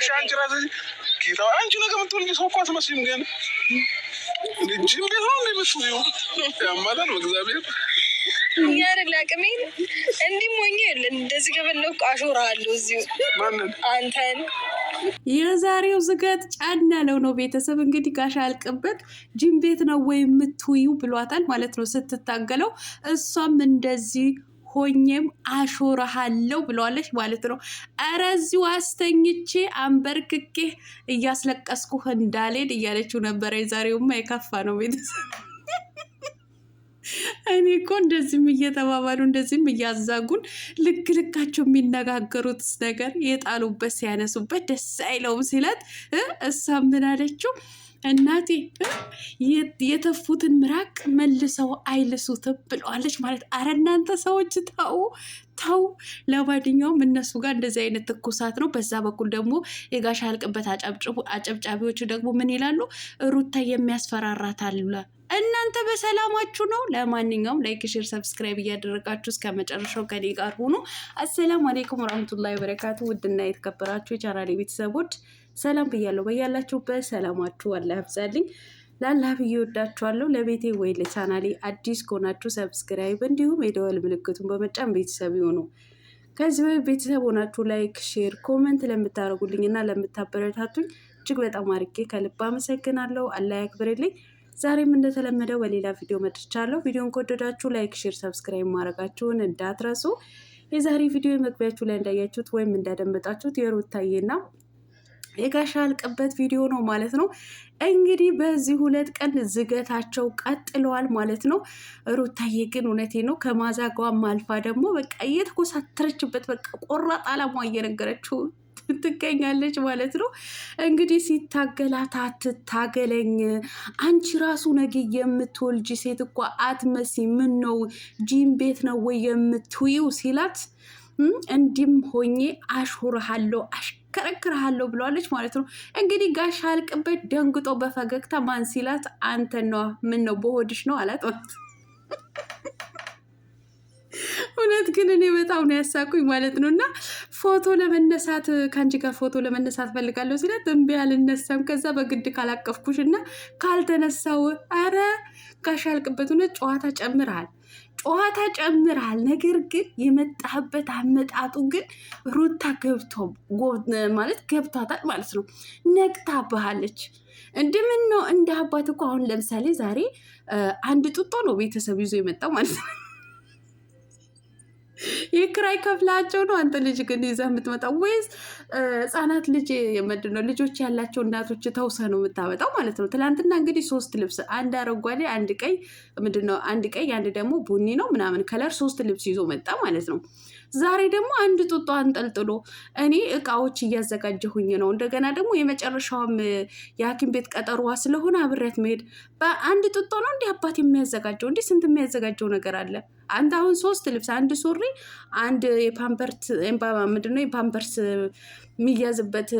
እሺ አንቺ ራስሽ ጌታ አንቺ ነገ የምትወልጂ ሰው እኮ አትመስይም። ግን ልጅም ቤት ነው እንደምትይው ያማዳል በእግዚአብሔር ያደግ ላቅሜን እንዲህ ሞኝ የለ እንደዚህ ከበለው አለሁ እዚሁ አንተን የዛሬው ዝገት ጫና ለው ነው። ቤተሰብ እንግዲህ ጋሻ አልቅበት ጅም ቤት ነው ወይ የምትውዩ ብሏታል ማለት ነው ስትታገለው እሷም እንደዚህ ሆኜም አሾረሃለው ብለዋለች ማለት ነው። ኧረ እዚሁ አስተኝቼ አንበርክኬ እያስለቀስኩ እንዳልሄድ እያለችው ነበረ። የዛሬውማ የከፋ ነው ቤተሰብ እኔ እኮ እንደዚህም እየተባባሉ እንደዚህም እያዛጉን ልክ ልካቸው የሚነጋገሩት ነገር የጣሉበት ሲያነሱበት ደስ አይለውም ሲለት እሷ ምን አለችው? እናቴ የተፉትን ምራቅ መልሰው አይልሱትም ብለዋለች ማለት። አረ እናንተ ሰዎች ተው ታው። ለማንኛውም እነሱ ጋር እንደዚህ አይነት ትኩሳት ነው። በዛ በኩል ደግሞ የጋሻ አልቅበት አጨብጫቢዎቹ ደግሞ ምን ይላሉ? ሩታ የሚያስፈራራት አለ እናንተ በሰላማችሁ ነው። ለማንኛውም ላይክ፣ ሼር፣ ሰብስክራይብ እያደረጋችሁ እስከ መጨረሻው ከኔ ጋር ሆኑ። አሰላሙ አሌይኩም ወራህመቱላሂ ወበረካቱ። ውድና የተከበራችሁ የቻናሌ ቤተሰቦች ሰላም ብያለሁ። በያላችሁበት ሰላማችሁ አላህ ያብዛልኝ። ላላህ ብዬ ወዳችኋለሁ። ለቤቴ ወይ ለቻናሌ አዲስ ከሆናችሁ ሰብስክራይብ፣ እንዲሁም የደወል ምልክቱን በመጫን ቤተሰብ ይሁኑ። ከዚህ ወይ ቤተሰብ ሆናችሁ ላይክ፣ ሼር፣ ኮመንት ለምታደርጉልኝ እና ለምታበረታቱኝ እጅግ በጣም አርጌ ከልብ አመሰግናለሁ። አላህ ያክብርልኝ። ዛሬም እንደተለመደው በሌላ ቪዲዮ መጥቻለሁ። ቪዲዮን ከወደዳችሁ ላይክ፣ ሼር፣ ሰብስክራይብ ማድረጋችሁን እንዳትረሱ። የዛሬ ቪዲዮ መግቢያችሁ ላይ እንዳያችሁት ወይም እንዳደመጣችሁት የሩታዬና የጋሻ ያልቅበት ቪዲዮ ነው ማለት ነው። እንግዲህ በዚህ ሁለት ቀን ዝገታቸው ቀጥለዋል ማለት ነው። ሩታዬ ግን እውነቴ ነው ከማዛጓም አልፋ ደግሞ በቃ እየተኮሳተረችበት በቃ ቆራጥ አላማ እየነገረችው ትገኛለች ማለት ነው። እንግዲህ ሲታገላት አትታገለኝ፣ አንቺ ራሱ ነገ የምትወልጅ ሴት እኮ አትመሲ፣ ምን ነው ጂም ቤት ነው ወይ የምትውይው ሲላት እንዲም ሆኜ አሹርሃለሁ አሽከረክርሃለሁ ብለዋለች ማለት ነው። እንግዲህ ጋሻ አልቅበት ደንግጦ በፈገግታ ማን ሲላት አንተን ምን ነው በሆድሽ ነው አላት ማለት እውነት ግን እኔ በጣም ነው ያሳቁኝ ማለት ነው። እና ፎቶ ለመነሳት ከአንቺ ጋር ፎቶ ለመነሳት ፈልጋለሁ ስለት እምቢ አልነሳም። ከዛ በግድ ካላቀፍኩሽ እና ካልተነሳው አረ ጋሽ ያልቅበት እውነት ጨዋታ ጨምርሃል ጨዋታ ጨምርሃል። ነገር ግን የመጣህበት አመጣጡ ግን ሩታ ገብቶ ማለት ገብቷታል ማለት ነው። ነቅታ እንደምን ነው እንደ አባት እኮ አሁን ለምሳሌ ዛሬ አንድ ጡጦ ነው ቤተሰብ ይዞ የመጣው ማለት ነው የክራይ ከፍላቸው ነው። አንተ ልጅ ግን ይዘህ የምትመጣው ወይስ ህጻናት ልጅ ምንድን ነው ልጆች ያላቸው እናቶች ተውሰ ነው የምታመጣው ማለት ነው። ትላንትና እንግዲህ ሶስት ልብስ አንድ አረንጓዴ፣ አንድ ቀይ ምንድን ነው አንድ ቀይ፣ አንድ ደግሞ ቡኒ ነው ምናምን ከለር ሶስት ልብስ ይዞ መጣ ማለት ነው። ዛሬ ደግሞ አንድ ጡጦ አንጠልጥሎ እኔ እቃዎች እያዘጋጀሁኝ ነው። እንደገና ደግሞ የመጨረሻውም የሀኪም ቤት ቀጠሮዋ ስለሆነ አብሬያት መሄድ በአንድ ጡጦ ነው እንዲህ አባት የሚያዘጋጀው እንዲህ ስንት የሚያዘጋጀው ነገር አለ። አንድ አሁን ሶስት ልብስ አንድ ሱሪ አንድ የፓምፐርት ምንድን ነው የፓምፐርስ የሚያዝበት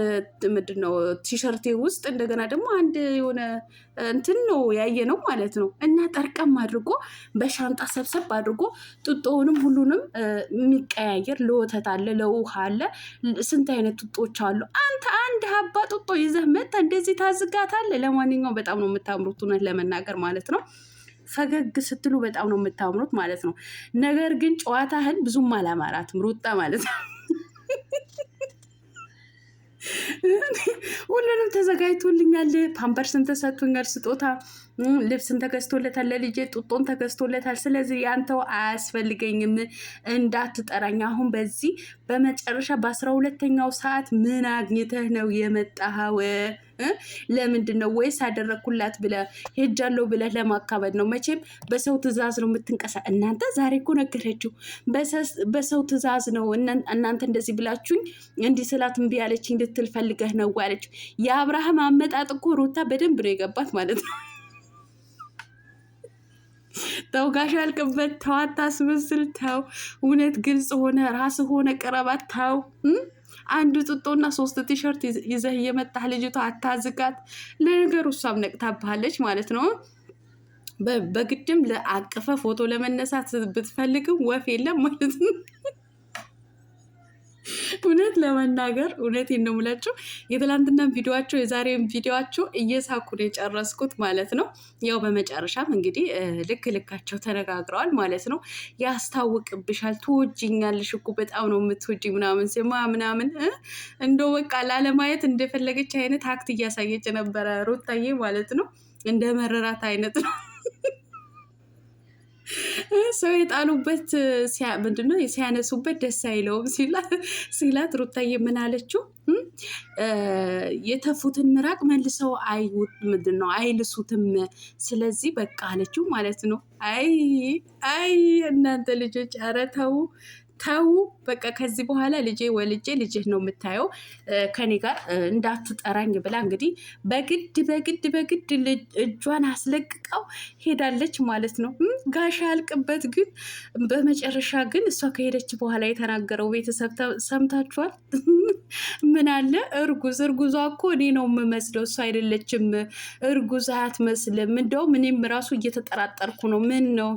ምንድን ነው ቲሸርቴ ውስጥ እንደገና ደግሞ አንድ የሆነ እንትን ነው ያየ ነው ማለት ነው። እና ጠርቀም አድርጎ በሻንጣ ሰብሰብ አድርጎ ጡጦውንም ሁሉንም የሚቀያየር ለወተት አለ፣ ለውሃ አለ፣ ስንት አይነት ጡጦች አሉ። አንተ አንድ ሀባ ጡጦ ይዘህ መታ እንደዚህ ታዝጋታለህ። ለማንኛውም በጣም ነው የምታምሩት እውነት ለመናገር ማለት ነው። ፈገግ ስትሉ በጣም ነው የምታምሩት ማለት ነው። ነገር ግን ጨዋታህን ብዙም አላማራትም ሩጣ ማለት ነው። ሁሉንም ተዘጋጅቶልኛል። ፓምፐርስን ተሰጥቶኛል፣ ስጦታ ልብስን ተገዝቶለታል፣ ለልጄ ጡጦን ተገዝቶለታል። ስለዚህ ያንተው አያስፈልገኝም እንዳትጠራኝ። አሁን በዚህ በመጨረሻ በአስራ ሁለተኛው ሰዓት ምን አግኝተህ ነው የመጣኸው? ለምንድን ነው ወይስ አደረግኩላት ብለ ሄጃለሁ ብለ ለማካበድ ነው? መቼም በሰው ትዕዛዝ ነው የምትንቀሳ እናንተ ዛሬ እኮ ነገረችው። በሰው ትዕዛዝ ነው እናንተ እንደዚህ ብላችሁኝ እንዲህ ስላት እምቢ አለችኝ እንድትል ፈልገህ ነው አለችው። የአብርሃም አመጣጥ እኮ ሩታ በደንብ ነው የገባት ማለት ነው። ተው ጋሽ ያልቅበት ተው፣ አታስመስል ተው። እውነት ግልጽ ሆነ ራስ ሆነ ቅረባት ተው። አንድ ጥጦና ሶስት ቲሸርት ይዘህ እየመጣህ ልጅቷ አታዝጋት። ለነገሩ እሷም ነቅታብሃለች ማለት ነው። በግድም ለአቅፈ ፎቶ ለመነሳት ብትፈልግም ወፍ የለም ማለት ነው። እውነት ለመናገር እውነቴን ነው የምላችሁ። የትላንትናን ቪዲዮቸው የዛሬን ቪዲዮቸው እየሳኩ ነው የጨረስኩት ማለት ነው። ያው በመጨረሻም እንግዲህ ልክ ልካቸው ተነጋግረዋል ማለት ነው። ያስታውቅብሻል፣ ትወጂኛለሽ እኮ በጣም ነው የምትወጅ ምናምን ስማ ምናምን እንደ በቃ ላለማየት እንደፈለገች አይነት አክት እያሳየች ነበረ ሩታዬ ማለት ነው። እንደ መረራት አይነት ነው ሰው የጣሉበት ምንድነው ሲያነሱበት ደስ አይለውም ሲላት፣ ሩታዬ ምን አለችው? የተፉትን ምራቅ መልሰው ምንድን ነው አይልሱትም። ስለዚህ በቃ አለችው ማለት ነው። አይ አይ እናንተ ልጆች አረተው ተው ተዉ በቃ ከዚህ በኋላ ልጄ ወልጄ ልጅህ ነው የምታየው፣ ከኔ ጋር እንዳትጠራኝ ብላ እንግዲህ በግድ በግድ በግድ እጇን አስለቅቀው ሄዳለች ማለት ነው። ጋሻ ያልቅበት ግን በመጨረሻ ግን እሷ ከሄደች በኋላ የተናገረው ቤተሰብ ሰምታችኋል። ምን አለ እርጉዝ እርጉዟ እኮ እኔ ነው የምመስለው፣ እሷ አይደለችም እርጉዝ አትመስልም። እንደውም እኔም ራሱ እየተጠራጠርኩ ነው። ምን ነው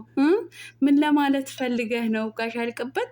ምን ለማለት ፈልገህ ነው ጋሻ ያልቅበት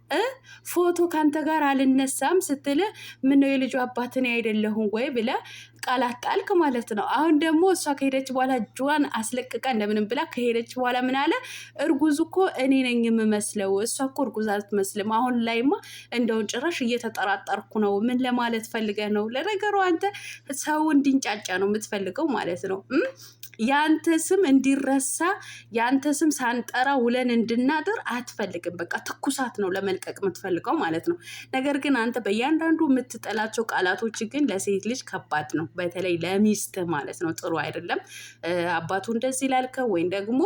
ፎቶ ካንተ ጋር አልነሳም ስትል ምነው የልጁ አባትን አይደለሁም ወይ ብለ ቃላት ጣልክ ማለት ነው። አሁን ደግሞ እሷ ከሄደች በኋላ እጇን አስለቅቃ እንደምንም ብላ ከሄደች በኋላ ምን አለ እርጉዝ እኮ እኔ ነኝ የምመስለው፣ እሷ እኮ እርጉዝ አትመስልም። አሁን ላይማ እንደውን ጭራሽ እየተጠራጠርኩ ነው። ምን ለማለት ፈልገ ነው? ለነገሩ አንተ ሰው እንዲንጫጫ ነው የምትፈልገው ማለት ነው። ያንተ ስም እንዲረሳ ያንተ ስም ሳንጠራ ውለን እንድናድር አትፈልግም። በቃ ትኩሳት ነው ለመል መልቀቅ የምትፈልገው ማለት ነው። ነገር ግን አንተ በእያንዳንዱ የምትጠላቸው ቃላቶች ግን ለሴት ልጅ ከባድ ነው። በተለይ ለሚስት ማለት ነው። ጥሩ አይደለም። አባቱ እንደዚህ ላልከው ወይም ደግሞ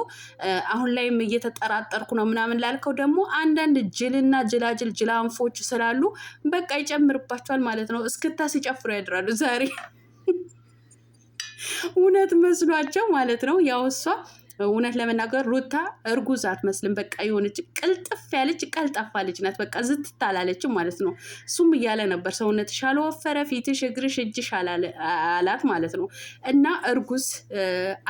አሁን ላይም እየተጠራጠርኩ ነው ምናምን ላልከው ደግሞ አንዳንድ ጅልና ጅላጅል ጅላንፎች ስላሉ በቃ ይጨምርባቸዋል ማለት ነው። እስክታ ሲጨፍሩ ያድራሉ ዛሬ እውነት መስሏቸው ማለት ነው ያው እሷ እውነት ለመናገር ሩታ እርጉዝ አትመስልም። በቃ የሆነች ቅልጥፍ ያለች ቀልጣፋ ልጅ ናት። በቃ ዝትታላለች ማለት ነው። እሱም እያለ ነበር ሰውነትሽ አልወፈረ፣ ፊትሽ፣ እግርሽ፣ እጅሽ አላት ማለት ነው። እና እርጉዝ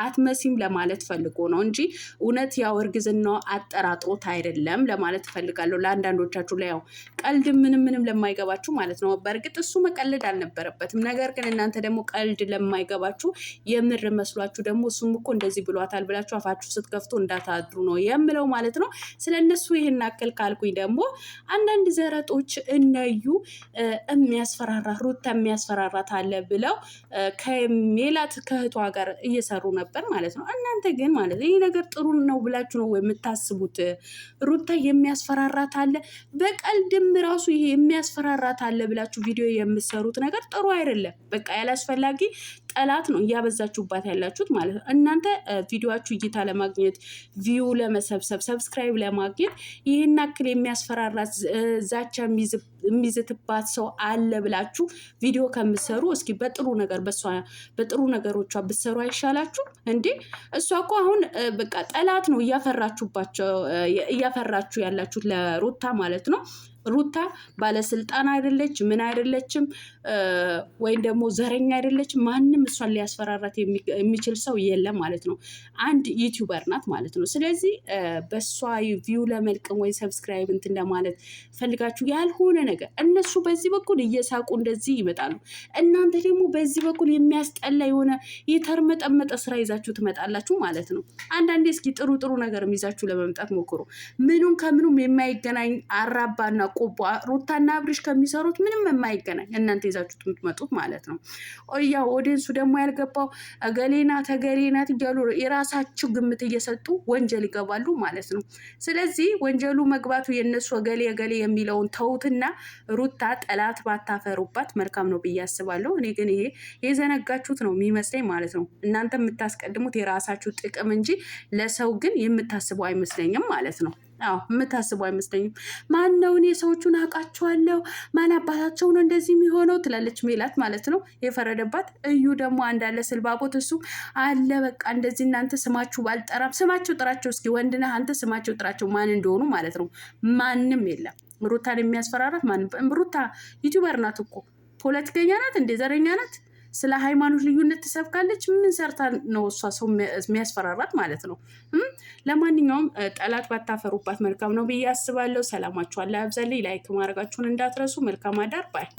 አትመሲም ለማለት ፈልጎ ነው እንጂ እውነት ያው እርግዝናው አጠራጥሮት አይደለም ለማለት ፈልጋለሁ። ለአንዳንዶቻችሁ ላይ ያው ቀልድ ምንም ምንም ለማይገባችሁ ማለት ነው። በእርግጥ እሱ መቀለድ አልነበረበትም። ነገር ግን እናንተ ደግሞ ቀልድ ለማይገባችሁ የምር መስሏችሁ ደግሞ እሱም እኮ እንደዚህ ብሏታል ብላችሁ ብላችሁ አፋችሁ ስትከፍቱ እንዳታድሩ ነው የምለው ማለት ነው። ስለ እነሱ ይህን አክል ካልኩኝ ደግሞ አንዳንድ ዘረጦች እነዩ የሚያስፈራራ ሩታ የሚያስፈራራት አለ ብለው ከሜላት ከእህቷ ጋር እየሰሩ ነበር ማለት ነው። እናንተ ግን ማለት ይህ ነገር ጥሩ ነው ብላችሁ ነው የምታስቡት? ሩታ የሚያስፈራራት አለ በቀልድም ራሱ ይሄ የሚያስፈራራት አለ ብላችሁ ቪዲዮ የምትሰሩት ነገር ጥሩ አይደለም። በቃ ያላስፈላጊ ጠላት ነው እያበዛችሁባት ያላችሁት ማለት ነው። እናንተ ቪዲዮችሁ እይታ ለማግኘት ቪው ለመሰብሰብ ሰብስክራይብ ለማግኘት ይህን አክል የሚያስፈራራት ዛቻ የሚዝብ የሚዝትባት ሰው አለ ብላችሁ ቪዲዮ ከምሰሩ እስኪ በጥሩ ነገር በጥሩ ነገሮቿ ብትሰሩ አይሻላችሁ እንዴ? እሷ እኮ አሁን በቃ ጠላት ነው እያፈራችሁባቸው እያፈራችሁ ያላችሁት ለሩታ ማለት ነው። ሩታ ባለስልጣን አይደለች፣ ምን አይደለችም፣ ወይም ደግሞ ዘረኛ አይደለችም። ማንም እሷን ሊያስፈራራት የሚችል ሰው የለም ማለት ነው። አንድ ዩቲዩበር ናት ማለት ነው። ስለዚህ በእሷ ቪው ለመልቅም ወይም ሰብስክራይብ እንትን ለማለት ፈልጋችሁ ያልሆነ ነገር እነሱ በዚህ በኩል እየሳቁ እንደዚህ ይመጣሉ። እናንተ ደግሞ በዚህ በኩል የሚያስጠላ የሆነ የተርመጠመጠ ስራ ይዛችሁ ትመጣላችሁ ማለት ነው። አንዳንዴ እስኪ ጥሩ ጥሩ ነገርም ይዛችሁ ለመምጣት ሞክሩ። ምኑም ከምኑም የማይገናኝ አራባና ቆቦ ሩታና አብሪሽ ከሚሰሩት ምንም የማይገናኝ እናንተ ይዛችሁ ትምትመጡት ማለት ነው። ያው ወደንሱ ደግሞ ያልገባው ገሌናት ገሌናት እያሉ የራሳቸው ግምት እየሰጡ ወንጀል ይገባሉ ማለት ነው። ስለዚህ ወንጀሉ መግባቱ የእነሱ ገሌ ገሌ የሚለውን ተውትና ሩታ ጠላት ባታፈሩባት መልካም ነው ብዬ አስባለሁ። እኔ ግን ይሄ የዘነጋችሁት ነው የሚመስለኝ ማለት ነው። እናንተ የምታስቀድሙት የራሳችሁ ጥቅም እንጂ ለሰው ግን የምታስቡ አይመስለኝም ማለት ነው። አዎ የምታስቡ አይመስለኝም። ማን ነው እኔ ሰዎቹን አውቃቸዋለሁ፣ ማን አባታቸው ነው እንደዚህ የሚሆነው ትላለች ሜላት ማለት ነው የፈረደባት። እዩ ደግሞ አንዳለ ስልባቦት እሱ አለ በቃ እንደዚህ። እናንተ ስማችሁ ባልጠራም ስማቸው ጥራቸው እስኪ፣ ወንድነህ አንተ ስማቸው ጥራቸው ማን እንደሆኑ ማለት ነው። ማንም የለም ሩታን የሚያስፈራራት ማንም ሩታ ዩቱበር ናት እኮ ፖለቲከኛ ናት፣ እንደ ዘረኛ ናት። ስለ ሃይማኖት ልዩነት ትሰብካለች። ምን ሰርታ ነው እሷ ሰው የሚያስፈራራት ማለት ነው? ለማንኛውም ጠላት ባታፈሩባት መልካም ነው ብዬ አስባለሁ። ሰላማችኋን አላ ያብዛልኝ። ላይክ ማድረጋችሁን እንዳትረሱ። መልካም አዳር ባይ